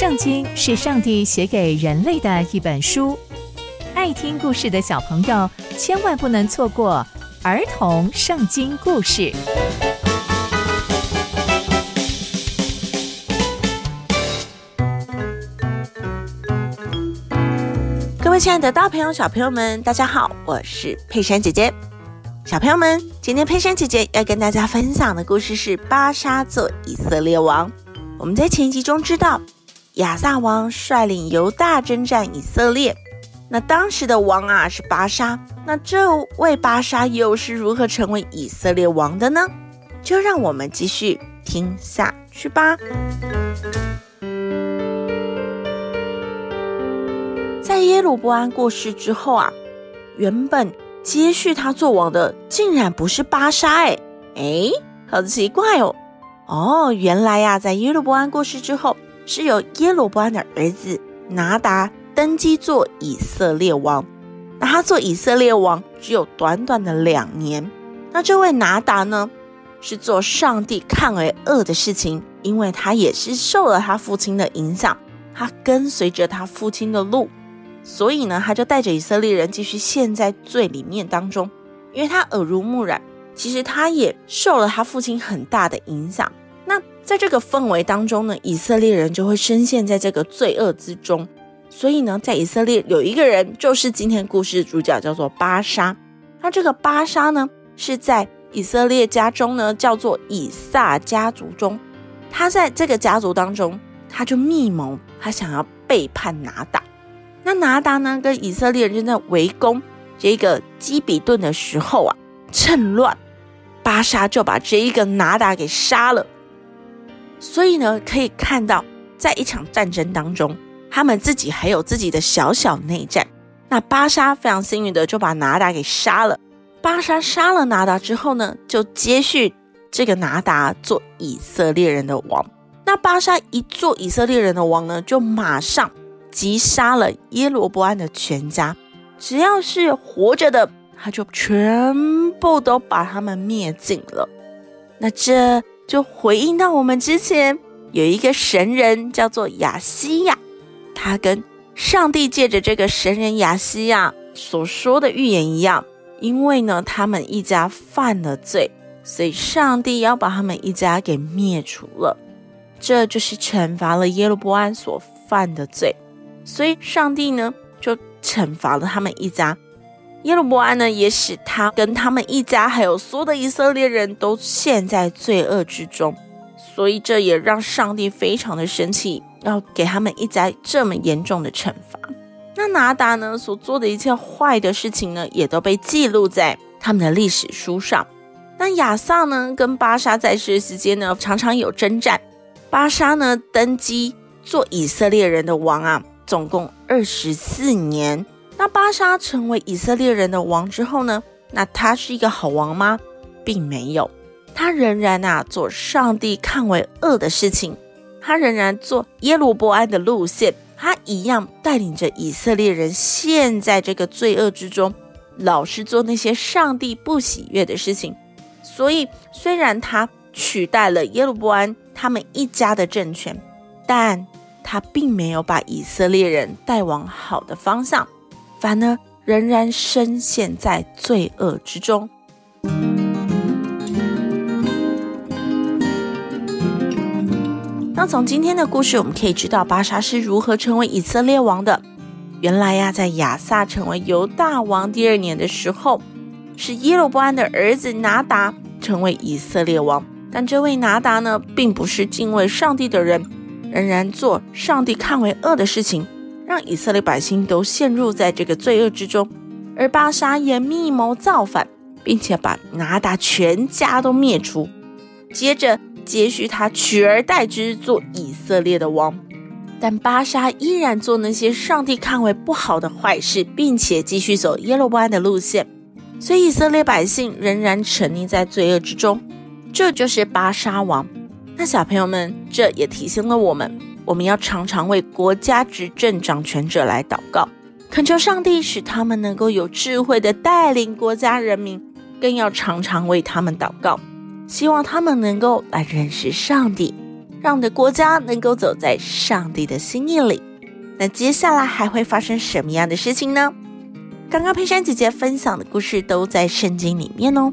聖經是上帝寫給人類的一本書，愛聽故事的小朋友千萬不能錯過兒童聖經故事。各位親愛的大朋友、小朋友們，大家好，我是佩珊姐姐。小朋友們，今天佩珊姐姐要跟大家分享的故事是巴沙作以色列王。我們在前一集中知道。亞撒王率領猶大征戰以色列，那當時的王啊是巴沙。那這位巴沙又是如何成為以色列王的呢？就讓我們繼續聽下去吧。在耶羅波安過世之後啊，原本接續他做王的竟然不是巴沙誒，哎哎，好奇怪哦！哦，原來呀、啊，在耶羅波安過世之後，是由耶羅波安的兒子拿達登基做以色列王。那他做以色列王只有短短的兩年。那這位拿達呢，是做上帝看為惡的事情，因為他也是受了他父親的影響，他跟隨着他父親的路，所以呢，他就帶着以色列人繼續陷在罪裡面當中。因為他耳濡目染，其實他也受了他父親很大的影響。在這個氛圍當中呢，以色列人就會深陷在這個罪惡之中。所以呢，在以色列有一個人，就是今天故事主角，叫做巴沙。那這個巴沙呢，是在以色列家中呢，叫做以撒家族中。他在這個家族當中，他就密謀，他想要背叛拿達。那拿達呢，跟以色列人正在圍攻這個基比頓的時候啊，趁亂，巴沙就把這一個拿達給殺了。所以呢，可以看到，在一場戰爭當中，他們自己還有自己的小小內戰。那巴沙非常幸運的就把拿達給殺了。巴沙殺了拿達之後呢，就接續這個拿達做以色列人的王。那巴沙一做以色列人的王呢，就馬上擊殺了耶羅波安的全家，只要是活着的，他就全部都把他們滅盡了。那這。就回應到我們之前有一個神人叫做亞希雅，他跟上帝借着這個神人亞希雅所說的預言一樣，因為呢他們一家犯了罪，所以上帝要把他們一家給滅除了，這就是懲罰了耶羅波安所犯的罪，所以上帝呢就懲罰了他們一家。耶路伯安呢，也使他跟他們一家，還有所有的以色列人都陷在罪惡之中，所以這也讓上帝非常的生氣，要給他們一家這麼嚴重的懲罰。那拿達呢，所做的一切壞的事情呢，也都被記錄在他們的歷史書上。那亞薩呢，跟巴沙在世的時間呢，常常有征戰。巴沙呢，登基做以色列人的王啊，總共二十四年。那巴沙成為以色列人的王之後呢，那他是一個好王嗎？並沒有，他仍然吶、啊、做上帝看為惡的事情，他仍然做耶羅波安的路線，他一樣帶領着以色列人陷在這個罪惡之中，老是做那些上帝不喜悅的事情。所以，雖然他取代了耶羅波安他們一家的政權，但他並沒有把以色列人帶往好的方向。反呢，仍然深陷在罪惡之中。那從今天的故事，我們可以知道巴沙是如何成為以色列王的。原來呀，在亞薩成為猶大王第二年的時候，是耶羅伯安的兒子拿達成為以色列王。但這位拿達呢，並不是敬畏上帝的人，仍然做上帝看為惡的事情。讓以色列百姓都陷入在這個罪惡之中，而巴沙也密謀造反，並且把拿達全家都滅除。接着，接續他取而代之做以色列的王。但巴沙依然做那些上帝看為不好的壞事，並且繼續走耶羅波安的路線，所以以色列百姓仍然沉溺在罪惡之中。這就是巴沙王。那小朋友們，這也提醒了我們。我們要常常為國家執政掌權者來禱告，懇求上帝使他們能夠有智慧地帶領國家人民，更要常常為他們禱告，希望他們能夠來認識上帝，讓我們的國家能夠走在上帝的心意裡。那接下來還會發生什麼樣的事情呢？剛剛佩珊姐姐分享的故事都在聖經裡面哦。